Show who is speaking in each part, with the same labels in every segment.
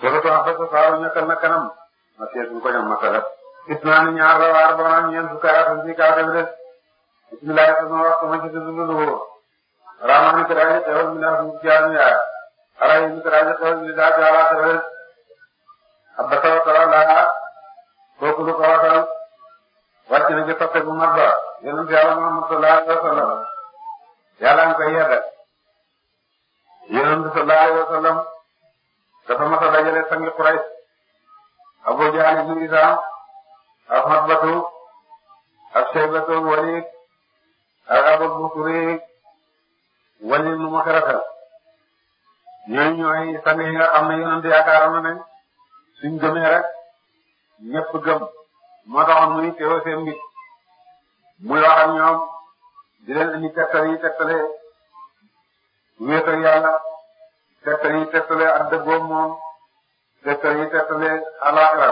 Speaker 1: dafa tax
Speaker 2: ba sa saaru ñàkkal na kanam ma seetlu ko ñoom masala gis naa ne ñaar la waar ba maanaam ñeent fukki aayat ci kaw def de bisimilah sama waxtu ma ci dundu lu rahmaani karaaje teewal mi naa fi jaanu yaa arayi mi karaaje teewal mi daa jaala teewal abba tawa tawa laa kooku lu ko waxal wàcc na ci soppe bu mag ba yonent yàlla Muhammad sallallahu alayhi wa sallam yàlla nga koy yedda yonent sallallahu alayhi wa sallam dafa mas a jàppee sangi Quraysh Abu Jahl ibn Hishaam ak Utbatu ak Shaybatu Waliid ak Abu Bakr Waliid mu Mughirata ñooy ñooy sang yi nga xam ne yonent yaakaar na ne suñ gëmee rek ñëpp gëm moo taxoon muy teewoo seen mbir muy wax ak ñoom di leen indi tegtal yi tegtale yi tegtale ak dëggoom tegtal yi tegtale alaaxira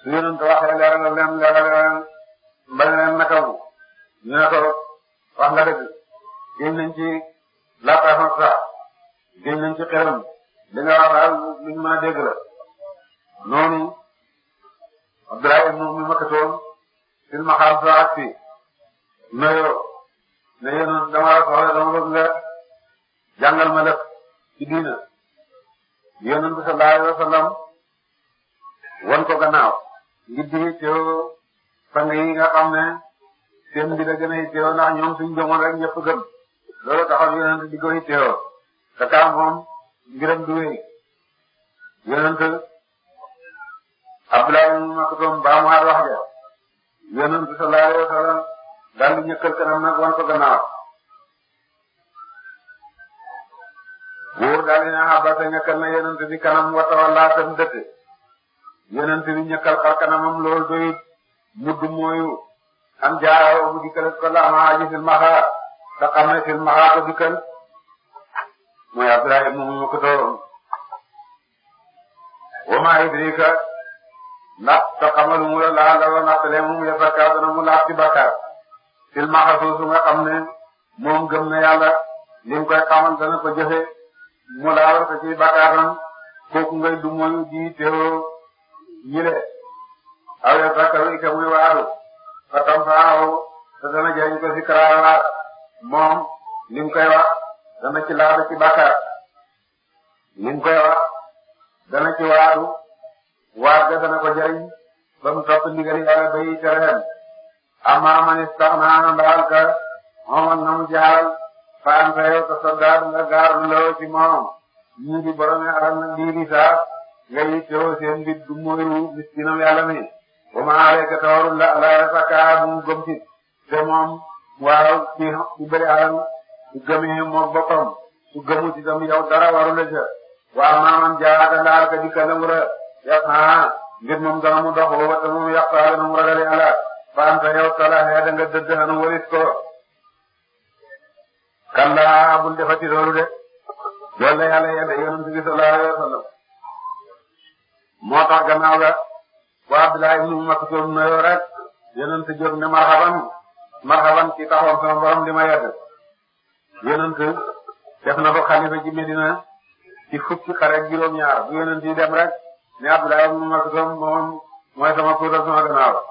Speaker 2: su yonent waxee leeralal leen leeralal leen bañ leen nakamu ñu ne ko wax nga dëgg génn nañ ci laataafam sax génn nañ ci xelam li nga wax daal luñ mën a dégg la noonu Abdoulaye ibnu mi makkatoon fil maxaam sa ak fi nuyoo ne yonent dama soxla dama bëgg nga ci diina yonent bi sallallahu alayhi wa sallam wan ko gannaaw ngir di teew nga xam ne seen bi la gën a teew ndax ñoom suñ jëmoon rek ñëpp gëm loolu taxaw yonent di ko teew te kaa moom mbiram du wéy yonent Abdullah ibn Maktum ba mu wax ja yonent bi sallallahu alayhi wa sallam daal di ñëkkal kanam nag wan wóor daal di naan Abbas ah, ñàkkal na yonent kanam wa tawalla tam dëkk yonent bi ñàkkal xar kanamam loolu doyut mudd mooy am jaaraaw bu dikkale ko la ama aji silmaxa te xam ne silmaxa ko dikkal mooy Abdoulaye moomu ma ko tooroon. maa idrika ndax te xamal mu la laal la woon appeler mu yafaka dana mu laaj ci silmaxa soosu nga xam ne moom gëm na yàlla li mu koy xamal dana ko jëfee. mu daal te ci bakkaatam kooku ngay du mooy di teewoo yile aw ya zakkaru ite muy waadu fa tam faaw te dana jëriñ ko si karawaar moom li mu koy dana ci laata ci bakkaar li mu koy dana ci waadu waat ga dana ko jëriñ ba mu topp ndigali yàlla bay tereem amma man istaxnaa daal ka moomal na mu jaal faam nga yow tasaddaaq nga gaar loo ci moom ñii di borom alal na lii di saaf nga yittewoo seen mbir du mooyu miskinam yàlla mi wa ma alayka tawarul la la sakka bu gëm ci te moom waaw ci ci bëri alal su gëmee moom boppam su gëmu ci tam yow dara waru la ca waaw maanaam jaaraata ndaal ka dikka la mu ra yàq ah ngir moom dana mu dox ba ba te moom yàq saa la nu mu ragale ala faam nga yow talaxee da nga dëdd xanu waris ko. kalla bul defati loolu de loolu la yàlla yàlla yonent bi sallallahu alayhi wa sallam moo tax gannaaw la wa Abdullah ibn Maktum nuyoo rek yonent jóg ne marhaban marhaban ci taxoon sama borom li ma yedd yonent def na ko xalifa ci Medina ci fukki xare ak juróom-ñaar bu yonent yi dem rek ne Abdullah ibn Maktum moom mooy sama kuutal sama gannaaw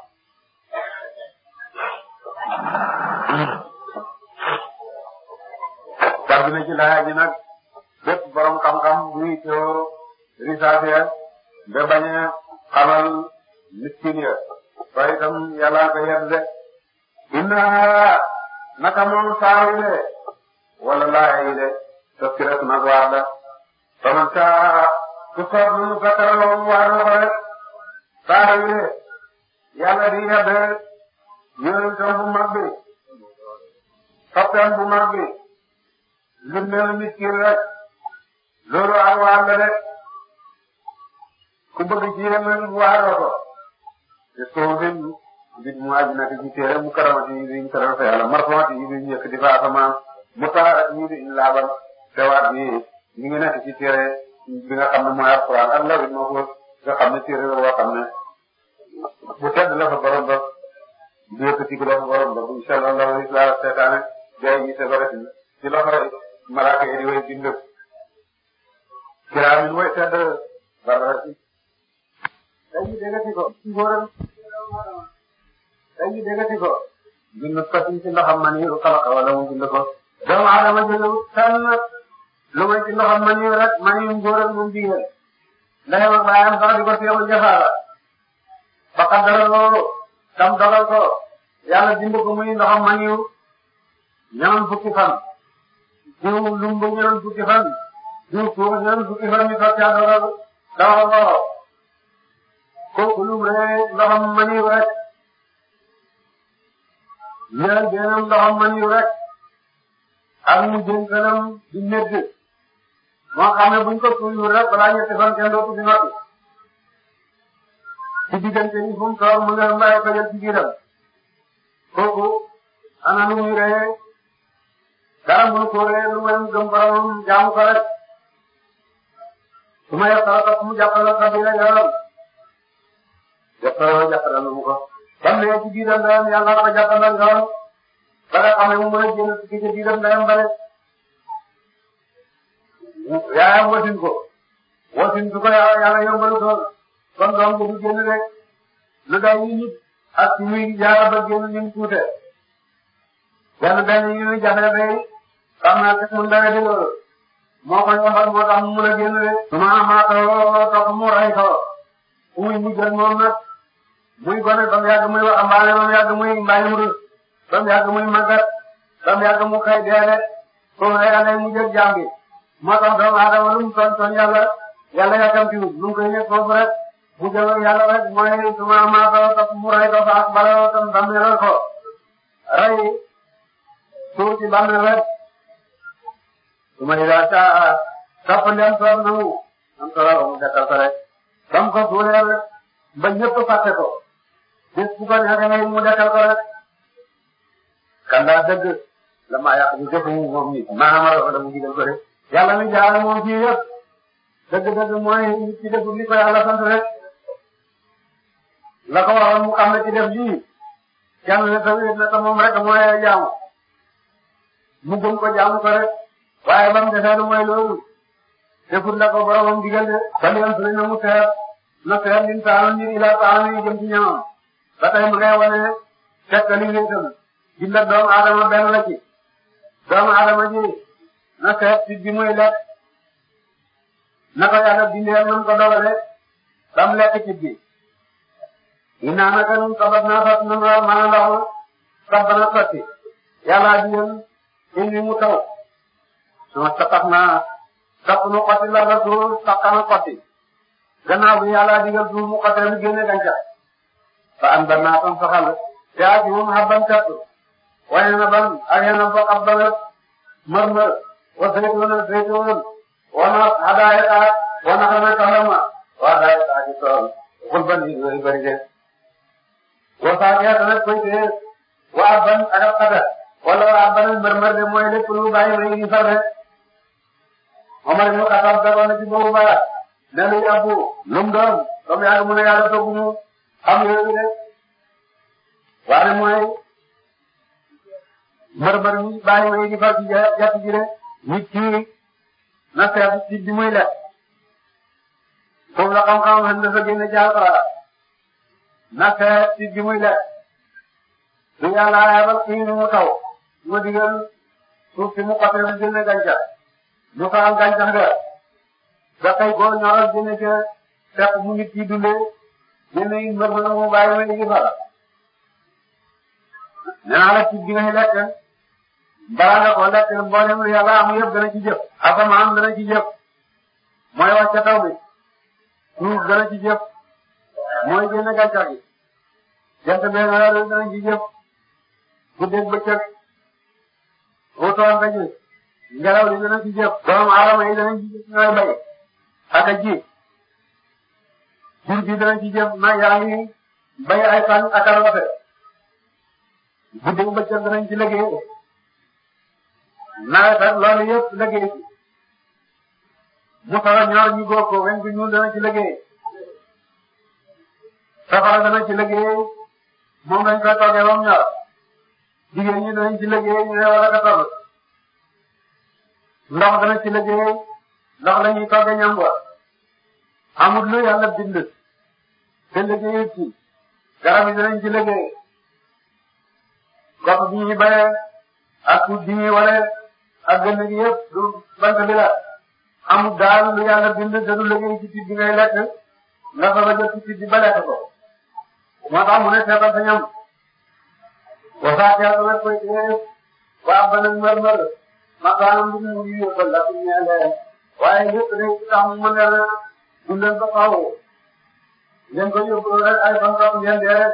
Speaker 2: wax na ci laaya ji nag bépp borom xam-xam buy teewoo risaase ba bañ a xamal miskin ya waaye inna naka moom saa yi de wala laaya yi de taskirat nag waar faman saa ku soob nu sakara loolu waar na ko rek saa yi de yàlla di yedd yonentam bu mag lu néew nit ki loolu ak waar la ku bëgg ci yéen waaroo ko te soo dem nit mu àgg na ci téere mu karamati yi duñ karamati yàlla marfamati yi duñ yëkk di fa asamaan mu taxarat yi duñ laabal te waat bi ñu ngi nekk ci téere bi nga xam ne mooy alquran ak lawit ma ko nga xam ne téere boo xam ne bu tedd la fa borom ba bu yëkkati ko la fa borom bu incha allah lawit laa seetaane jaay ji sa borom ci loxo malaaka yi di way bind kiraamin way tedd barati dañu dégati ko ngóoram dañu dégati ko bind fatin ci ndoxam maniru xalaqa wala mu bind ko doomu aadama jëlu tànn lu may ci ndoxam maniru rek maniru ngóoram moom jigéen ndeyam ak baayam sax di ko teewul jafaala ba xaddara loolu tam dogal ko yàlla bind ko muy ndoxam maniru ñaman fukki fan diw lum ba ñëwee fukki fan diw suuf ñëwee fukki fan ñu fàtte àndal daaw lool kooku lum rek ndoxam maniw rek ñaar gënam ndoxam maniw rek ak mu jëm kanam rek balaa ñetti fan kenn dootu fi noppi ci diggante yi fu mu toll mu dara mënu ko réer lu may mu gëm boromam jaamu ko rek su ma yàqal ko mu jàppale ko bi la yoram jàppale jàppale lu mu ko. ba mu ci biiram ndeyam yàlla ko jàppale yoram ba nga xam ne mu mën a génn ci ci biiram ndeyam rek yaayam wasin ko wasin su ko yàlla yombal ko kon doom bi du génn rek lu day yi nit ak muy jaara ba génn ni mu tuute benn benn yu jafe-jafe xam naa fekk mu dawee dëgg moo ko yombal moo tax mu mën a génn rek. maa ko toog mu ray ko muy mujj ak moom nag muy gone ba mu yàgg muy wax mbaale ba mu yàgg muy mbaale mu rus mu yàgg muy ba mu yàgg mu xëy dee rek foofu rek a mu jël jaam bi moo tax doomu aadama lu mu toon toon yàlla yàlla yàkkam fi mu ngi koy nekk foofu rek mu jël yàlla rek mooy maanaam maa ko toog mu ray ko fa ak mbaale ba ko ray tuuti bàmmeel rek. sumay laata sàppandi am soor na mu am soor mu dekkal ko rek ba mu ko suulee rek ba ñëpp fàtte ko bés bu ko neexee mu dekkal ko rek kan laa dëgg la maa yàq ñu jëfu moom nit maanaam rafet na mu digal ko rek yàlla mi jaarale moom fii yëpp dëgg-dëgg mooy nit ci dëgg li ko yàlla sant rek la ko waral mu xam ne ci def lii kenn ne tamit ne te moom rek mooy jaamu mu gëm ko jaamu ko rek. waaye ba mu defee lu mooy loolu defut ko boromam digal de ba léegi mu seet na seet liñ taaloon ñu ilaa taaloon ñu jëm ci ñamam ba tey mu ngay wane tekkali wéetam doomu aadama benn la doomu aadama ji na seet ci bi muy lekk na ko yàlla bindee mën ko dogale ba mu lekk ci bi inna naka nun sabat naa sot nun waa maanaam ndox ma sabbana sotti yàlla di leen indi mu taw non te nu xotti la la suuf taxaana xotti gannaaw bi yàlla digal suuf mu xotti mu génne gàncax ba am ban naa tam saxal yaa ci moom xabban kàttu waaye na ban ak yéen a bokk wa zaytuuna zaytuun wana hadaayqa wa hadaayqa ci tool xul ban yi yooyu bëri de wa saakiya tamit koy tee wa abban ak ab xada wa abban mër-mër de mooy lépp lu bàyyi may ñu sax rek Omar ibn Khattab dagoon na ci boobu Barak nee nañu abbu lu mu doon comme yàlla mu ne yàlla togg mu xam yooyu de waaye mooy mërmër mi bàyyi wéy di far ci gerte gi de na seet ci bi muy lekk la xam-xam xam dafa génne ci na seet ci bi muy lekk su yàlla yabal kii ni mu suuf si mu xotee mu génne gàncax. ñu faral gàncax ga dafay boo ñoral jëne ca fekk mu nit yi dundee jëne yi mbër na mu bàyyi may yëfa nee naa la ci gi ngay lekk balaa nga ko lekk mboolem lu yàlla am yëpp dana ci jëf asamaan dana ci jëf mooy wàcc taw bi suuf dana ci jëf mooy génne gàncax gi jant bee nga dana ci jëf bu dégg bëccëg autoon dañuy ngelaw li dana ci jëf doomu aadama yi dana ci jëf ñooy bay ak a ji dana ci jëf na yaa bay ay fan ak a rafet guddi bu bëccëg ci liggéey nawet ak loolu yëpp liggéey ci mu soxla ñor ñu góob ko weñ gu ñuul dana ci liggéey safara dana ci liggéey moom lañ koy toggee ba mu ñor jigéen ci liggéey ñu ne wala ka ndox dana ci liggéey ndox la ñuy togg ñam wa amul lu yàlla bind te liggéey ci garab yi danañ ci liggéey gox bi ñuy bayee ak suuf bi ñuy waree ak gën gi yëpp du bant bi la amul daal lu yàlla bind te du liggéey ci bi ngay lekk nga fa ba jot ci bi ba lekk ko moo tax mu ne seetal sa ñam wasaake ak wér koy téye waa ba nag mër mër maqaam bu mu yóbbal la fi ñeelee waaye lépp lépp tax mu mën a dundal ba faaw ngeen ko yóbbal rek ay fanfaam ngeen dee rek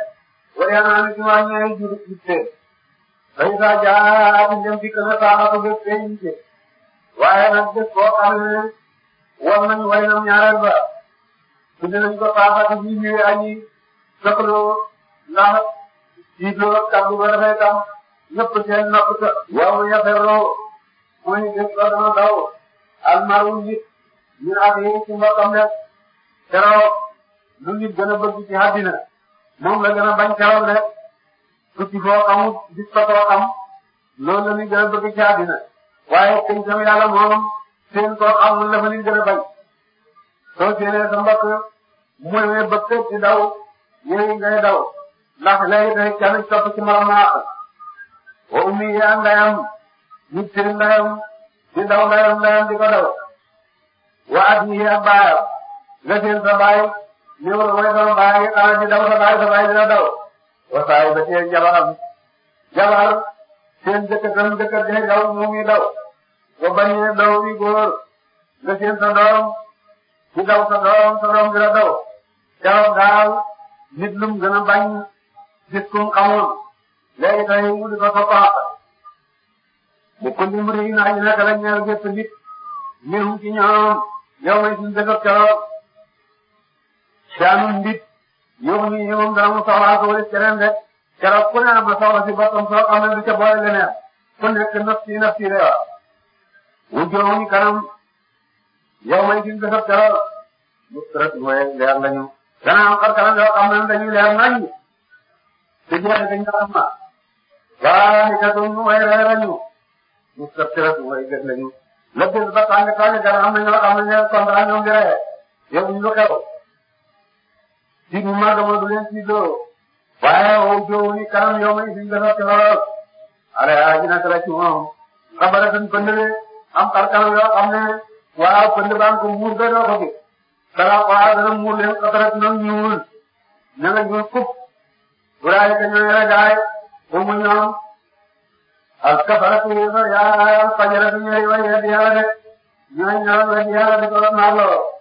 Speaker 2: wala yaa naan ci waa ñooy jur gi te bay saa jaaraatu ngeen dikk na saxatu bés bee ñu te waaye nag bés boo xam ne war nañu way nam ñaareel ba tudd nañ ko saxatu bi ñuy añi soxloo ndax jiitloo kàddu ba dafay tax ñëpp seen nopp sa waaw ya ferroo mooy bés a dana daw almaru nit ñun ak yéen ci mbokkam rek keroog lu nit gën a bëgg ci àddina moom la gën a bañ keroog rek tuuti foo xamul gis ko koo xam loolu la a bëgg ci àddina waaye tey sama yàlla moom seen koo xamul la fa nit gën a bañ soo séenee sa mbokk mooy ne bëgg ci daw yéen ngay daw ndax léegi day kenn topp ci moromu àq wa ummi yaa ngay am. nit ki ndeyam di ndaw ndeyam ndeyam daw wa at yii ak baayam nga seen sa baay ni mu mooy sama baay xanaa di daw sa baay daw wasaay ba seen daw bi góor nga seen sa doom di daw sa doom sa doom dina daw jabar daal nit lum gën a bañ gis kum xamoon léegi tey mu di ko soppaat bu ko lim rëy na ay naka la ñaar gerte nit ñun ci ñoom yow may suñu dëkk ak keroog daanu nit yow mii yow moom dara mu wala keneen rek keroog ku ne la ma soxla si boppam soxla am na lu ca boole leneen ku nekk nafsi nafsi lay wax. wu joomuñu kanam yow may suñu dëkk ak keroog lu rëdd mooy leer lañu. danaa am xar kanam yoo xam ne dañuy leer nañu. te jeex dañu ko am waaw ni katum mooy leer lañu. ñu sëb si rek mooy la gën ba tàng tàng gën am am nañu kontaan ñoom di ree yow ñu lu xew ci bu mag ma du leen ci doo waaye woo joo ni na dara ci moom xabara tan pënd am xar kanam yoo xam ne waaw pënd baa ko muur ba doo ko gi dala waaw dana muur leen xabara na nga ñuul kub wuraay ka ñooy ragaay ba mu alkafaratu yaa alfajaratu ñooy way weddi yàlla de ñooy ñooy weddi yàlla di ko marloo